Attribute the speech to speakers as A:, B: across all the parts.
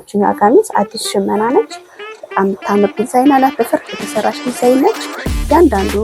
A: ይችኛ ቀሚስ አዲስ ሽመና ነች። በጣም የምታምር ዲዛይን አላት። በፈርጥ የተሰራች ዲዛይን ነች። እያንዳንዱ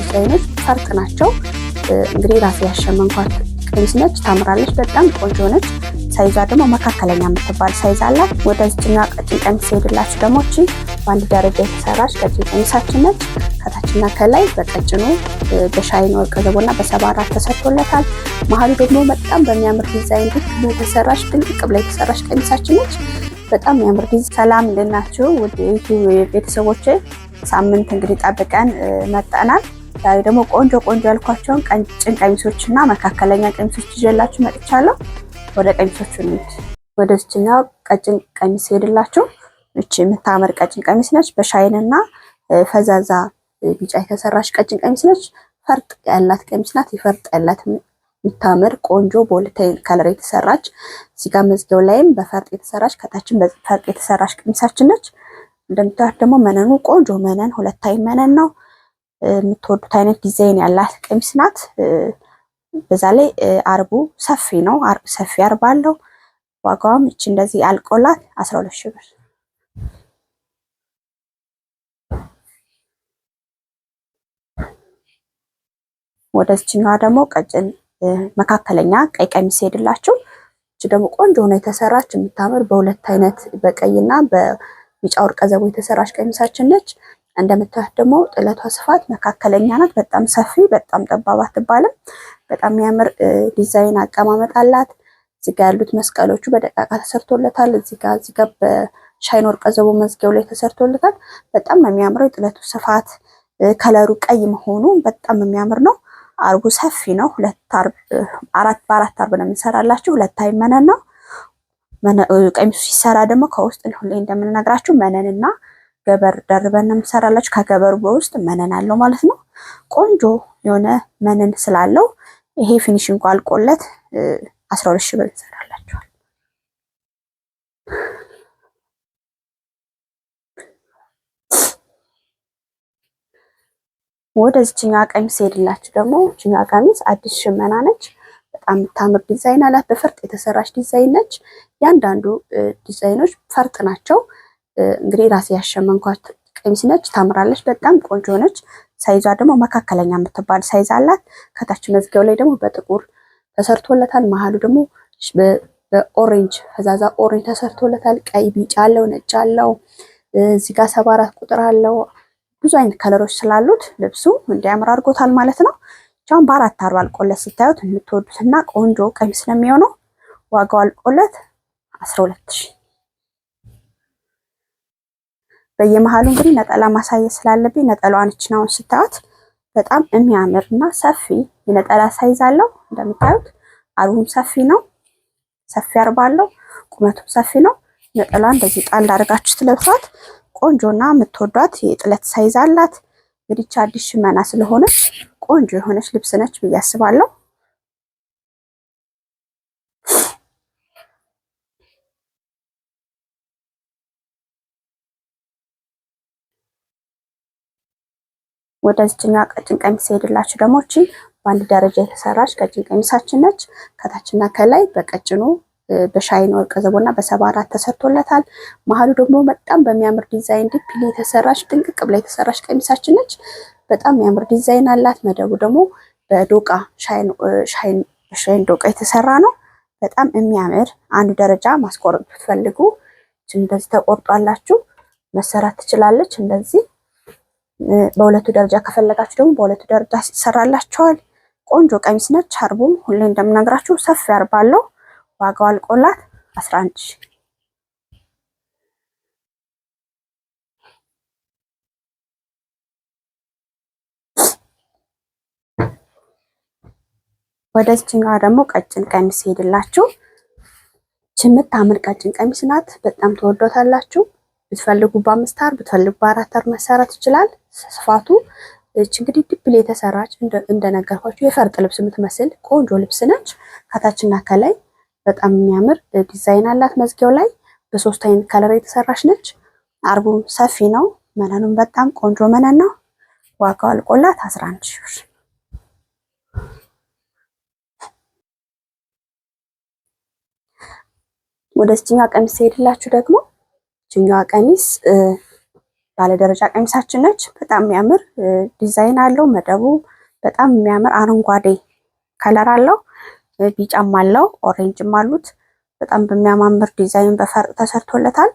A: ዲዛይኖች ፈርጥ ናቸው። እንግዲህ ራሴ ያሸመንኳት ቀሚስ ነች። ታምራለች። በጣም ቆንጆ ነች። ሳይዟ ደግሞ መካከለኛ የምትባል ሳይዝ አላት። ወደ ዝችኛ ቀጭን ቀሚስ ሄድላችሁ ደግሞ በአንድ ደረጃ የተሰራች ቀጭን ቀሚሳችን ነች። ከታችና ከላይ በቀጭኑ በሻይን ወርቅ ዘቦና በሰባ አራት ተሰርቶለታል። መሀሉ ደግሞ በጣም በሚያምር ዲዛይን ልክ ድንቅ ብላ የተሰራች ቀሚሳችን ነች። በጣም የሚያምር ጊዜ። ሰላም እንድናችሁ ውድ ዩቲዩብ ቤተሰቦች፣ ሳምንት እንግዲህ ጠብቀን መጠናል። ዛሬ ደግሞ ቆንጆ ቆንጆ ያልኳቸውን ቀጭን ቀሚሶች እና መካከለኛ ቀሚሶች ይዤላችሁ መጥቻለሁ። ወደ ቀሚሶቹ እንሂድ። ወደ ስችኛው ቀጭን ቀሚስ ሄድላችሁ። እቺ የምታምር ቀጭን ቀሚስ ነች። በሻይን እና ፈዛዛ ቢጫ የተሰራች ቀጭን ቀሚስ ነች። ፈርጥ ያላት ቀሚስ ናት። ይፈርጥ ያላት የምታምር ቆንጆ ቦልቴን ከለር የተሰራች እዚጋ መዝጊያው ላይም በፈርጥ የተሰራች ከታችን በፈርጥ የተሰራች ቀሚሳችን ነች። እንደምታዩት ደግሞ መነኑ ቆንጆ መነን ሁለታይ መነን ነው። የምትወዱት አይነት ዲዛይን ያላት ቀሚስ ናት። በዛ ላይ አርቡ ሰፊ ነው። ሰፊ አርብ አለው። ዋጋዋም እች እንደዚህ አልቆላት 12 ሺህ ብር። ወደዚችኛዋ ደግሞ ቀጭን መካከለኛ ቀይ ቀሚስ ሄድላችሁ እች ደግሞ ቆንጆ ሆነ የተሰራች የምታምር በሁለት አይነት በቀይና በቢጫ ወርቀ ዘቦ የተሰራች ቀሚሳችን ነች። እንደምታዩት ደግሞ ጥለቷ ስፋት መካከለኛ ናት። በጣም ሰፊ በጣም ጠባብ አትባልም። በጣም የሚያምር ዲዛይን አቀማመጥ አላት። እዚጋ ያሉት መስቀሎቹ በደቃቃ ተሰርቶለታል። እዚህ ጋር በሻይን ወርቀ ዘቦ መዝጊያው ላይ ተሰርቶለታል። በጣም የሚያምረው የጥለቱ ስፋት ከለሩ ቀይ መሆኑ በጣም የሚያምር ነው። አርቡ ሰፊ ነው። ሁለት አርብ አራት በአራት አርብ ነው የምንሰራላችሁ። ሁለት አይ መነን ነው። ቀሚሱ ሲሰራ ደግሞ ከውስጥ ሁሌ እንደምንነግራችሁ መነንና ገበር ደርበን ነው የምንሰራላችሁ። ከገበሩ በውስጥ መነን አለው ማለት ነው። ቆንጆ የሆነ መነን ስላለው ይሄ ፊኒሽንግ አልቆለት አስራ ሁለት ሺህ ብር እንሰራላችኋል። ወደዚችኛ ቀሚስ ሄድላችሁ ደግሞ እችኛ ቀሚስ አዲስ ሽመና ነች። በጣም የምታምር ዲዛይን አላት። በፈርጥ የተሰራች ዲዛይን ነች። ያንዳንዱ ዲዛይኖች ፈርጥ ናቸው። እንግዲህ ራሴ ያሸመንኳት ቀሚስ ነች። ታምራለች። በጣም ቆንጆ ነች። ሳይዟ ደግሞ መካከለኛ የምትባል ሳይዝ አላት። ከታች መዝጊያው ላይ ደግሞ በጥቁር ተሰርቶለታል። መሀሉ ደግሞ በኦሬንጅ ፈዛዛ ኦሬንጅ ተሰርቶለታል። ቀይ፣ ቢጫ አለው፣ ነጭ አለው። እዚህ ጋር ሰባ አራት ቁጥር አለው። ብዙ አይነት ከለሮች ስላሉት ልብሱ እንዲያምር አድርጎታል ማለት ነው። ብቻውን በአራት አርባ አልቆለት ስታዩት የምትወዱትና ቆንጆ ቀሚስ ነው ዋጋው አልቆለት አስራ ሁለት ሺህ በየመሃሉ እንግዲህ ነጠላ ማሳየት ስላለብኝ ነጠላዋን እችናውን ስታዩት በጣም የሚያምር እና ሰፊ የነጠላ ሳይዝ አለው። እንደምታዩት አርቡም ሰፊ ነው፣ ሰፊ አርባ አለው። ቁመቱም ሰፊ ነው። ነጠላዋን እንደዚህ ጣል አድርጋችሁ ትለብሷት። ቆንጆና የምትወዷት የጥለት ሳይዝ አላት። እንግዲህ አዲስ ሽመና ስለሆነች ቆንጆ የሆነች ልብስ ነች ብዬ አስባለሁ። ወደዚችኛው ቀጭን ቀሚስ ሄድላችሁ ደግሞ እቺ በአንድ ደረጃ የተሰራች ቀጭን ቀሚሳችን ነች። ከታችና ከላይ በቀጭኑ በሻይን ወርቀ ዘቦና በሰባ አራት ተሰርቶለታል። መሀሉ ደግሞ በጣም በሚያምር ዲዛይን ዲፕሊ የተሰራች ጥንቅቅ ብላ የተሰራች ቀሚሳችን ነች። በጣም የሚያምር ዲዛይን አላት። መደቡ ደግሞ በዶቃ ሻይን ዶቃ የተሰራ ነው። በጣም የሚያምር አንድ ደረጃ ማስቆረጥ ብትፈልጉ እንደዚህ ተቆርጧላችሁ መሰራት ትችላለች። እንደዚህ በሁለቱ ደረጃ ከፈለጋችሁ ደግሞ በሁለቱ ደረጃ ይሰራላችኋል። ቆንጆ ቀሚስ ነች። አርቡም ሁሌ እንደምነግራችሁ ሰፊ አርብ ዋጋው አልቆላት 11 ሺህ ደግሞ ቀጭን ቀሚስ ሄድላችሁ የምታምር ቀጭን ቀሚስ ናት። በጣም ተወዶታላችሁ። ብትፈልጉ በአምስት አር ብትፈልጉ በአራት አር መሰራት ይችላል። ስፋቱ እች እንግዲህ ድብል የተሰራች እንደነገርኳችሁ የፈርጥ ልብስ የምትመስል ቆንጆ ልብስ ነች። ከታችና ከላይ በጣም የሚያምር ዲዛይን አላት። መዝጊያው ላይ በሶስት አይነት ከለር የተሰራች ነች። አርቡም ሰፊ ነው። መነኑም በጣም ቆንጆ መነን ነው። ዋጋው አልቆላት 11 ሺህ ብር። ወደ እችኛዋ ቀሚስ ሄድላችሁ ደግሞ እችኛዋ ቀሚስ ባለደረጃ ቀሚሳችን ነች። በጣም የሚያምር ዲዛይን አለው። መደቡ በጣም የሚያምር አረንጓዴ ከለር አለው። ቢጫም አለው ኦሬንጅም አሉት። በጣም በሚያማምር ዲዛይን በፈርጥ ተሰርቶለታል።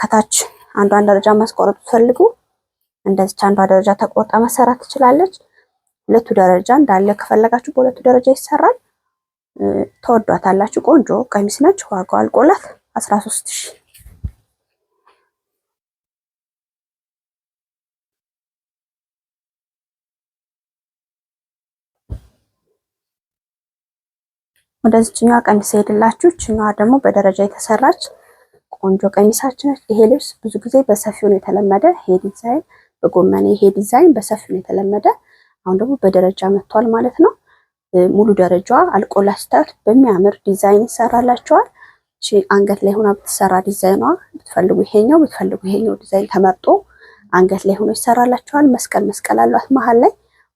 A: ከታች አንዷን ደረጃ ማስቆረጥ ፈልጉ እንደዚች አንዷ ደረጃ ተቆርጣ መሰራት ትችላለች። ሁለቱ ደረጃ እንዳለ ከፈለጋችሁ በሁለቱ ደረጃ ይሰራል። ተወዷታላችሁ። ቆንጆ ቀሚስ ነች። ዋጋው አልቆላት 13 ሺህ ወደዚችኛዋ ቀሚስ ሄድላችሁ። እችኛዋ ደግሞ በደረጃ የተሰራች ቆንጆ ቀሚሳችን ነች። ይሄ ልብስ ብዙ ጊዜ በሰፊው ነው የተለመደ። ይሄ ዲዛይን በጎመኔ ይሄ ዲዛይን በሰፊው ነው የተለመደ። አሁን ደግሞ በደረጃ መጥቷል ማለት ነው። ሙሉ ደረጃዋ አልቆላ ስታዩት በሚያምር ዲዛይን ይሰራላቸዋል። አንገት ላይ ሆና ብትሰራ ዲዛይኗ ብትፈልጉ ይሄኛው ብትፈልጉ ይሄኛው ዲዛይን ተመርጦ አንገት ላይ ሆኖ ይሰራላቸዋል። መስቀል መስቀል አሏት መሀል ላይ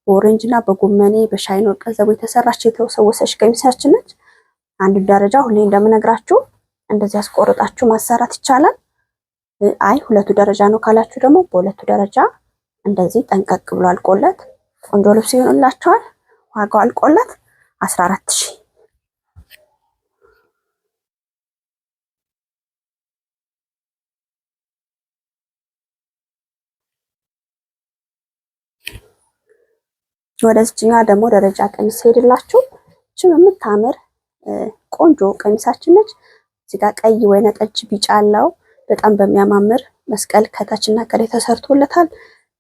A: በኦሬንጅ እና በጎመኔ በሻይን ወርቀ ዘቦ የተሰራች የተወሰወሰች ቀሚሳችን ነች። አንድ ደረጃ ሁሌ እንደምነግራችሁ እንደዚህ ያስቆርጣችሁ ማሰራት ይቻላል። አይ ሁለቱ ደረጃ ነው ካላችሁ ደግሞ በሁለቱ ደረጃ እንደዚህ ጠንቀቅ ብሎ አልቆለት ቆንጆ ልብስ ይሆንላችኋል። ዋጋው አልቆለት 14000 ወደዚህኛው ደግሞ ደረጃ ቀንስ ሄድላችሁ እችም የምታምር ቆንጆ ቀሚሳችን ነች። እዚጋ ቀይ ወይነ ጠጅ ቢጫ አለው። በጣም በሚያማምር መስቀል ከታችና ከላይ ተሰርቶለታል።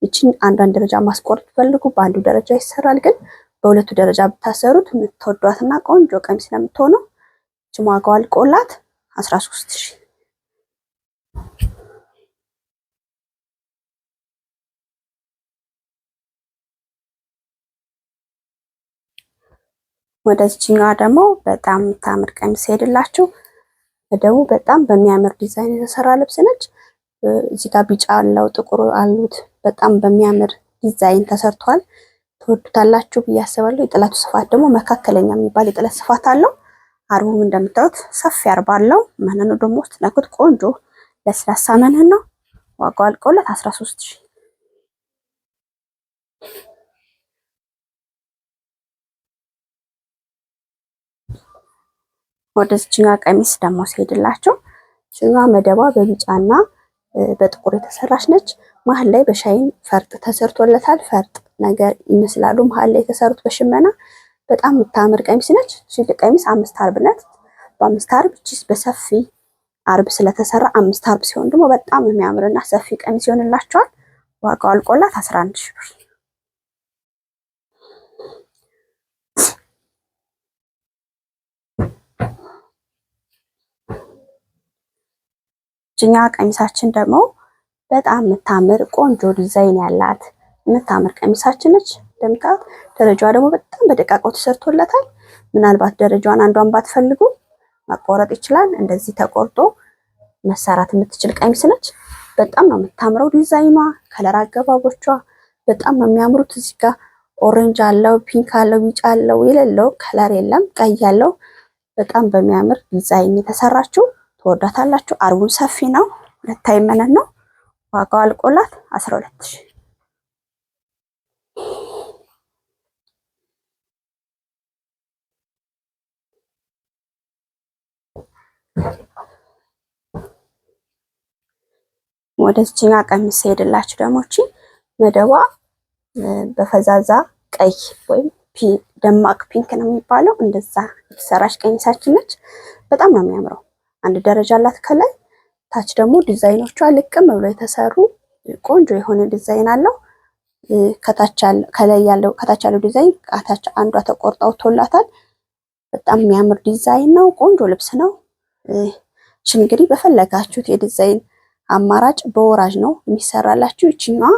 A: ይችን አንዷን ደረጃ ማስቆረጥ ፈልጉ በአንዱ ደረጃ ይሰራል። ግን በሁለቱ ደረጃ ብታሰሩት የምትወዷትና ቆንጆ ቀሚስ ለምትሆነው የምትሆነው። ቆላት አስራ ሶስት ሺህ ወደዚችኛዋ ደግሞ በጣም የምታምር ቀሚስ ሄድላችሁ ደግሞ በጣም በሚያምር ዲዛይን የተሰራ ልብስ ነች። እዚህ ጋር ቢጫ አለው ጥቁር አሉት። በጣም በሚያምር ዲዛይን ተሰርቷል። ትወዱታላችሁ ብዬ አስባለሁ። የጥለቱ ስፋት ደግሞ መካከለኛ የሚባል የጥለት ስፋት አለው። አርቡም እንደምታዩት ሰፊ አርባ አለው። መነኑ ደግሞ ነኩት ቆንጆ ለስላሳ መነን ነው። ዋጋው አልቆለት ሶስት ሺህ ወደዚችኛዋ ቀሚስ ደግሞ ሲሄድላቸው ችኛ መደቧ በቢጫና በጥቁር የተሰራች ነች። መሀል ላይ በሻይን ፈርጥ ተሰርቶለታል። ፈርጥ ነገር ይመስላሉ መሀል ላይ የተሰሩት በሽመና በጣም የምታምር ቀሚስ ነች። እቺ ቀሚስ አምስት አርብ ነት በአምስት አርብ ቺስ በሰፊ አርብ ስለተሰራ አምስት አርብ ሲሆን ደግሞ በጣም የሚያምርና ሰፊ ቀሚስ ይሆንላቸዋል። ዋጋው አልቆላት 11 ሺህ ብር እችኛ ቀሚሳችን ደግሞ በጣም የምታምር ቆንጆ ዲዛይን ያላት የምታምር ቀሚሳችን ነች። እንደምታዩት ደረጃዋ ደግሞ በጣም በደቃቀው ተሰርቶለታል። ምናልባት ደረጃዋን አንዷን ባትፈልጉ መቆረጥ ይችላል። እንደዚህ ተቆርጦ መሰራት የምትችል ቀሚስ ነች። በጣም ነው የምታምረው። ዲዛይኗ፣ ከለር አገባቦቿ በጣም ነው የሚያምሩት። እዚህ ጋር ኦሬንጅ አለው፣ ፒንክ አለው፣ ቢጫ አለው፣ የሌለው ከለር የለም። ቀይ አለው በጣም በሚያምር ዲዛይን የተሰራችው ትወዳታላችሁ። አርቡን ሰፊ ነው። ሁለት አይመነት ነው። ዋጋው አልቆላት 12 ሺህ ወደዚህኛ ቀሚስ ሄድላችሁ ደግሞ እቺ መደቧ በፈዛዛ ቀይ ወይም ደማቅ ፒንክ ነው የሚባለው። እንደዛ የተሰራች ቀሚሳችን ነች። በጣም ነው የሚያምረው። አንድ ደረጃ አላት ከላይ ታች ደግሞ ዲዛይኖቿ ልቅም ብሎ የተሰሩ ቆንጆ የሆነ ዲዛይን አለው። ከታች ያለው ከታች ያለው ዲዛይን ከታች አንዷ ተቆርጣ ወጥቶላታል። በጣም የሚያምር ዲዛይን ነው። ቆንጆ ልብስ ነው። እሺ እንግዲህ በፈለጋችሁት የዲዛይን አማራጭ በወራጅ ነው የሚሰራላችሁ። ይችኛዋ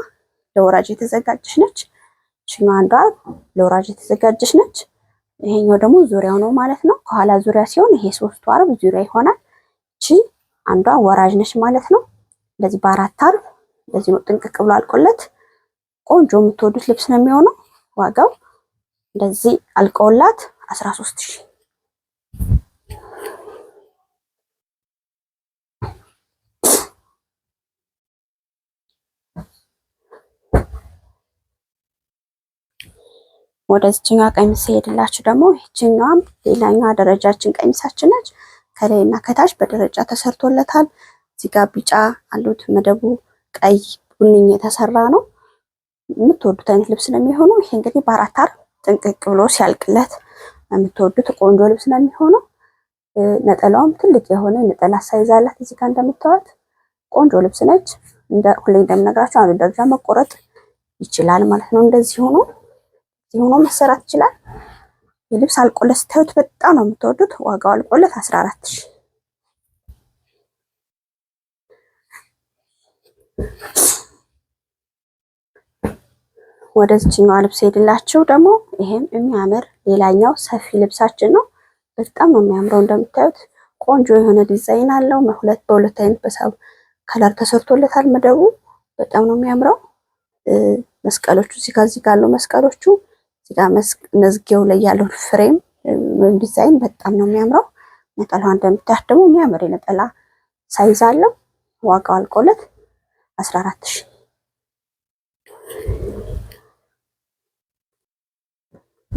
A: ለወራጅ የተዘጋጀች ነች። ይችኛዋ አንዷ ለወራጅ የተዘጋጀች ነች። ይሄኛው ደግሞ ዙሪያው ነው ማለት ነው። ከኋላ ዙሪያ ሲሆን ይሄ ሶስቱ አርብ ዙሪያ ይሆናል። እቺ አንዷ ወራጅ ነች ማለት ነው። እንደዚህ በአራት አርብ እንደዚህ ነው ጥንቅቅ ብሎ አልቆለት ቆንጆ የምትወዱት ልብስ ነው የሚሆነው። ዋጋው እንደዚህ አልቀውላት ሺህ። ወደዚህኛዋ ቀሚስ ሄድላችሁ ደግሞ ይችኛዋም ሌላኛዋ ደረጃችን ቀሚሳችን ነች። እና ከታች በደረጃ ተሰርቶለታል። እዚህ ጋር ቢጫ አሉት መደቡ ቀይ ቡኒ የተሰራ ነው። የምትወዱት አይነት ልብስ ነው የሚሆነው። ይሄ እንግዲህ በአራት አር ጥንቅቅ ብሎ ሲያልቅለት የምትወዱት ቆንጆ ልብስ ነው የሚሆነው። ነጠላውም ትልቅ የሆነ ነጠላ ሳይዝ አላት። እዚህ ጋር እንደምታዩት ቆንጆ ልብስ ነች። ሁሌ እንደምነግራቸው አንዱ ደረጃ መቆረጥ ይችላል ማለት ነው። እንደዚህ ሆኖ ሆኖ መሰራት ይችላል። የልብስ አልቆለት ስታዩት በጣም ነው የምትወዱት። ዋጋው አልቆለት 14 ሺህ ወደ ልብስ ሄድላችሁ ደግሞ ይሄም የሚያምር ሌላኛው ሰፊ ልብሳችን ነው። በጣም ነው የሚያምረው እንደምታዩት ቆንጆ የሆነ ዲዛይን አለው። ሁለት በሁለት አይነት በሳብ ከለር ተሰርቶለታል። መደቡ በጣም ነው የሚያምረው። መስቀሎቹ እዚህ ጋር እዚህ ጋር አሉ መስቀሎቹ እዚጋ መዝጊያው ላይ ያለውን ፍሬም ወይም ዲዛይን በጣም ነው የሚያምረው። ነጠላዋ እንደምታያት ደግሞ የሚያምር የነጠላ ሳይዝ አለው። ዋጋው አልቆለት 14 ሺህ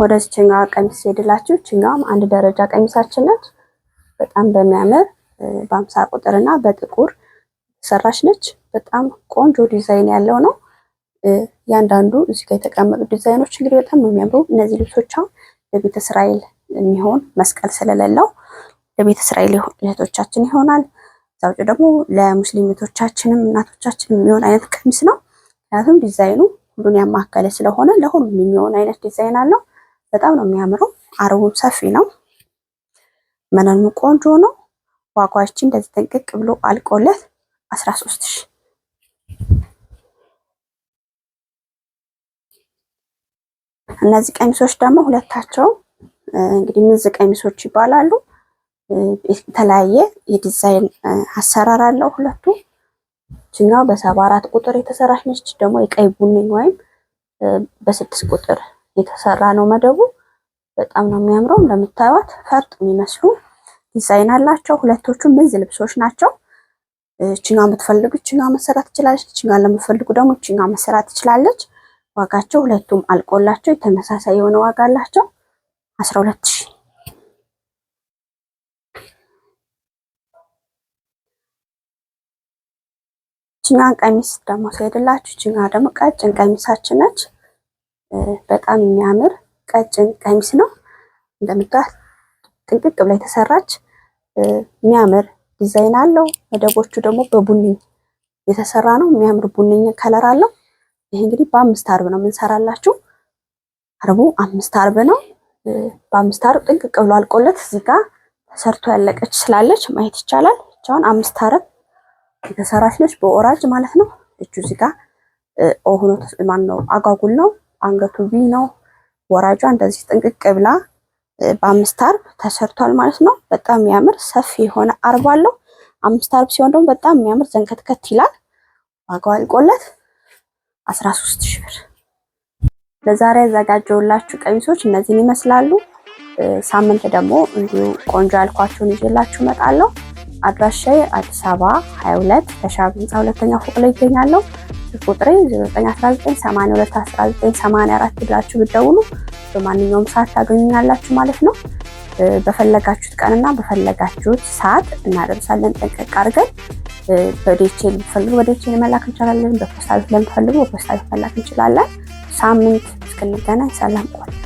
A: ወደ ችኛዋ ቀሚስ ሄድላችሁ። ችኛዋም አንድ ደረጃ ቀሚሳችን ነች። በጣም በሚያምር በአምሳ ቁጥርና በጥቁር ሰራሽ ነች። በጣም ቆንጆ ዲዛይን ያለው ነው። እያንዳንዱ እዚህ ጋር የተቀመጡ ዲዛይኖች እንግዲህ በጣም ነው የሚያምሩ። እነዚህ ልብሶቿ አሁን ለቤተ እስራኤል የሚሆን መስቀል ስለሌለው ለቤተ እስራኤል እህቶቻችን ይሆናል። እዛ ውጭ ደግሞ ለሙስሊም እህቶቻችንም እናቶቻችንም የሚሆን አይነት ቀሚስ ነው። ምክንያቱም ዲዛይኑ ሁሉን ያማከለ ስለሆነ ለሁሉም የሚሆን አይነት ዲዛይን አለው። በጣም ነው የሚያምረው። አረቡም ሰፊ ነው። መነኑ ቆንጆ ነው። ዋጋችን እንደዚህ ጥንቅቅ ብሎ አልቆለት ሶስት ሺህ እነዚህ ቀሚሶች ደግሞ ሁለታቸው እንግዲህ ምንዝ ቀሚሶች ይባላሉ። የተለያየ የዲዛይን አሰራር አለው ሁለቱ። ይችኛው በሰባ አራት ቁጥር የተሰራች ነች። ደግሞ የቀይ ቡኒ ወይም በስድስት ቁጥር የተሰራ ነው መደቡ። በጣም ነው የሚያምረው። እንደምታዩት ፈርጥ የሚመስሉ ዲዛይን አላቸው። ሁለቶቹ ምንዝ ልብሶች ናቸው። እችኛ የምትፈልጉ እችኛ መሰራት ትችላለች። እችኛ ለምትፈልጉ ደግሞ እችኛ መሰራት ትችላለች። ዋጋቸው ሁለቱም አልቆላቸው ተመሳሳይ የሆነ ዋጋ አላቸው። 12 ችኛን ቀሚስ ደግሞ ሲሄድላችሁ ችኛ ደግሞ ቀጭን ቀሚሳችን ነች። በጣም የሚያምር ቀጭን ቀሚስ ነው። እንደምታዩት ጥንቅቅ ብላ የተሰራች የሚያምር ዲዛይን አለው። መደቦቹ ደግሞ በቡኒ የተሰራ ነው። የሚያምር ቡኒ ከለር አለው። ይሄ እንግዲህ በአምስት አርብ ነው የምንሰራላችሁ። አርቡ አምስት አርብ ነው። በአምስት አርብ ጥንቅቅ ብሎ አልቆለት እዚህ ጋር ተሰርቶ ያለቀች ስላለች ማየት ይቻላል። ብቻውን አምስት አርብ የተሰራች ነች በኦራጅ ማለት ነው። እጁ እዚህ ጋር ኦሆኖ ማን ነው አጓጉል ነው። አንገቱ ቢ ነው። ወራጇ እንደዚህ ጥንቅቅ ብላ በአምስት አርብ ተሰርቷል ማለት ነው። በጣም የሚያምር ሰፊ የሆነ አርብ አለው። አምስት አርብ ሲሆን ደግሞ በጣም የሚያምር ዘንከትከት ይላል። ዋጋው አልቆለት 13 ሺህ ብር። ለዛሬ ያዘጋጀውላችሁ ቀሚሶች እነዚህን ይመስላሉ። ሳምንት ደግሞ እንዲሁ ቆንጆ ያልኳችሁን ይዤላችሁ እመጣለሁ። አድራሻዬ አዲስ አበባ 22 ተሻብ ህንፃ ሁለተኛ ፎቅ ላይ ይገኛለሁ። ቁጥሬ 0919821984 ብላችሁ ብትደውሉ በማንኛውም ሰዓት ታገኙኛላችሁ ማለት ነው። በፈለጋችሁት ቀንና በፈለጋችሁት ሰዓት እናደርሳለን ጠንቀቅ አድርገን በዴቼ ብትፈልጉ በዴቼ ልመላክ እንችላለን። በፖስታ ቤት በፖስታ ቤት እንችላለን። ሳምንት እስክንገናኝ ሰላም ቆዩ።